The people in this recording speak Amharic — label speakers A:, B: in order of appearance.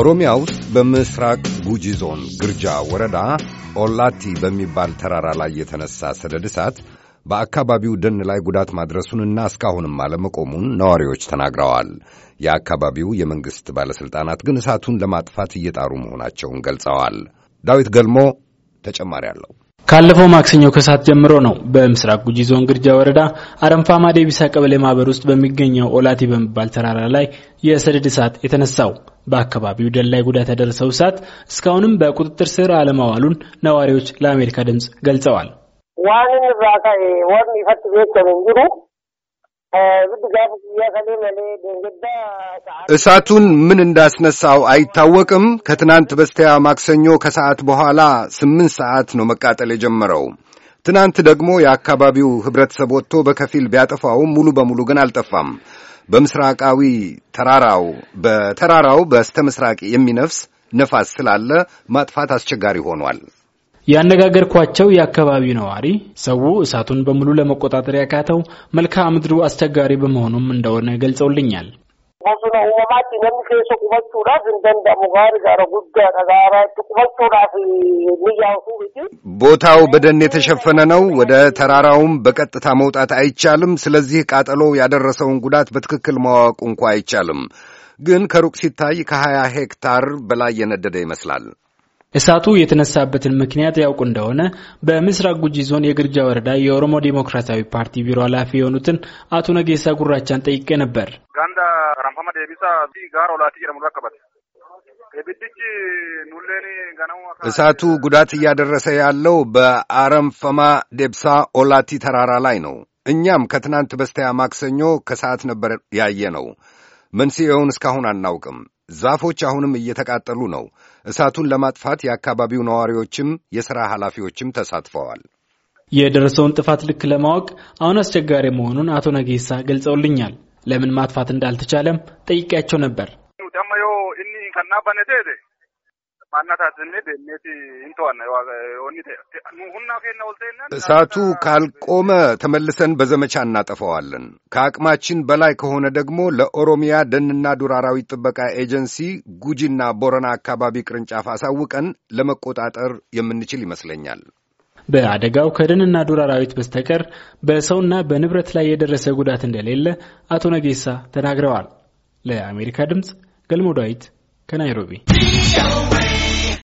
A: ኦሮሚያ ውስጥ በምስራቅ ጉጂ ዞን ግርጃ ወረዳ ኦላቲ በሚባል ተራራ ላይ የተነሳ ሰደድ እሳት በአካባቢው ደን ላይ ጉዳት ማድረሱንና እስካሁንም አለመቆሙን ነዋሪዎች ተናግረዋል። የአካባቢው የመንግሥት ባለሥልጣናት ግን እሳቱን ለማጥፋት እየጣሩ መሆናቸውን ገልጸዋል። ዳዊት ገልሞ ተጨማሪ አለው።
B: ካለፈው ማክሰኞ ከሰዓት ጀምሮ ነው በምስራቅ ጉጂ ዞን ግርጃ ወረዳ አረንፋማ ዴቢሳ ቀበሌ ማህበር ውስጥ በሚገኘው ኦላቲ በሚባል ተራራ ላይ የሰደድ እሳት የተነሳው። በአካባቢው ደን ላይ ጉዳት ያደረሰው እሳት እስካሁንም በቁጥጥር ስር አለማዋሉን ነዋሪዎች ለአሜሪካ ድምፅ ገልጸዋል።
A: ዋንን ራሳ ወን ይፈት ቤት እሳቱን ምን እንዳስነሳው አይታወቅም። ከትናንት በስቲያ ማክሰኞ ከሰዓት በኋላ ስምንት ሰዓት ነው መቃጠል የጀመረው። ትናንት ደግሞ የአካባቢው ኅብረተሰብ ወጥቶ በከፊል ቢያጠፋውም ሙሉ በሙሉ ግን አልጠፋም። በምስራቃዊ ተራራው በተራራው በስተ ምስራቅ የሚነፍስ ነፋስ ስላለ ማጥፋት አስቸጋሪ ሆኗል።
B: ያነጋገርኳቸው የአካባቢው ነዋሪ ሰው እሳቱን በሙሉ ለመቆጣጠር ያካተው መልክዓ ምድሩ አስቸጋሪ በመሆኑም እንደሆነ ገልጸውልኛል። ቦታው
A: በደን የተሸፈነ ነው። ወደ ተራራውም በቀጥታ መውጣት አይቻልም። ስለዚህ ቃጠሎ ያደረሰውን ጉዳት በትክክል ማወቅ እንኳ አይቻልም። ግን ከሩቅ ሲታይ ከሀያ ሄክታር በላይ የነደደ ይመስላል።
B: እሳቱ የተነሳበትን ምክንያት ያውቁ እንደሆነ በምስራቅ ጉጂ ዞን የግርጃ ወረዳ የኦሮሞ ዴሞክራሲያዊ ፓርቲ ቢሮ ኃላፊ የሆኑትን አቶ ነጌሳ ጉራቻን ጠይቄ ነበር። እሳቱ ጉዳት እያደረሰ ያለው
A: በአረምፈማ ደብሳ ኦላቲ ተራራ ላይ ነው። እኛም ከትናንት በስቲያ ማክሰኞ ከሰዓት ነበር ያየ ነው። መንስኤውን እስካሁን አናውቅም። ዛፎች አሁንም እየተቃጠሉ ነው። እሳቱን ለማጥፋት የአካባቢው ነዋሪዎችም የሥራ ኃላፊዎችም
B: ተሳትፈዋል። የደረሰውን ጥፋት ልክ ለማወቅ አሁን አስቸጋሪ መሆኑን አቶ ነጌሳ ገልጸውልኛል። ለምን ማጥፋት እንዳልተቻለም ጠይቄያቸው ነበር።
A: እሳቱ ካልቆመ ተመልሰን በዘመቻ እናጠፈዋለን። ከአቅማችን በላይ ከሆነ ደግሞ ለኦሮሚያ ደንና ዱር አራዊት ጥበቃ ኤጀንሲ ጉጂና ቦረና አካባቢ ቅርንጫፍ አሳውቀን ለመቆጣጠር የምንችል ይመስለኛል።
B: በአደጋው ከደንና ዱር አራዊት በስተቀር በሰውና በንብረት ላይ የደረሰ ጉዳት እንደሌለ አቶ ነጌሳ ተናግረዋል። ለአሜሪካ ድምፅ ገልሞ ዳዊት ከናይሮቢ